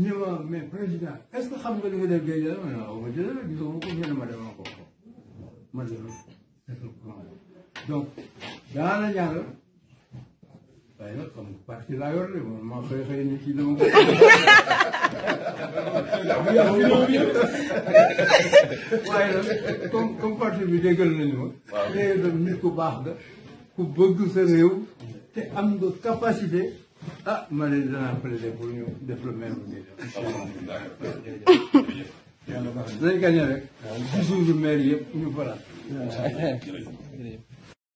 ñu ma mais président est-ce que xam nga li ko def géej la ma ne waaw ma jëlee gisuma ko ñu ne ma demoon ko ma def donc daana ñaanal waaye nag comme parti laa yor de man maa xëy xëy ni ci dama ko. waaye nag comme comme parti bi déggal nañu ma. waaw nit ku baax nga ku bëgg sa réew te am nga capacité. ah ma ne danaa plaider pour ñu def le même a gañe rek. waaw maire yëpp ñu faral.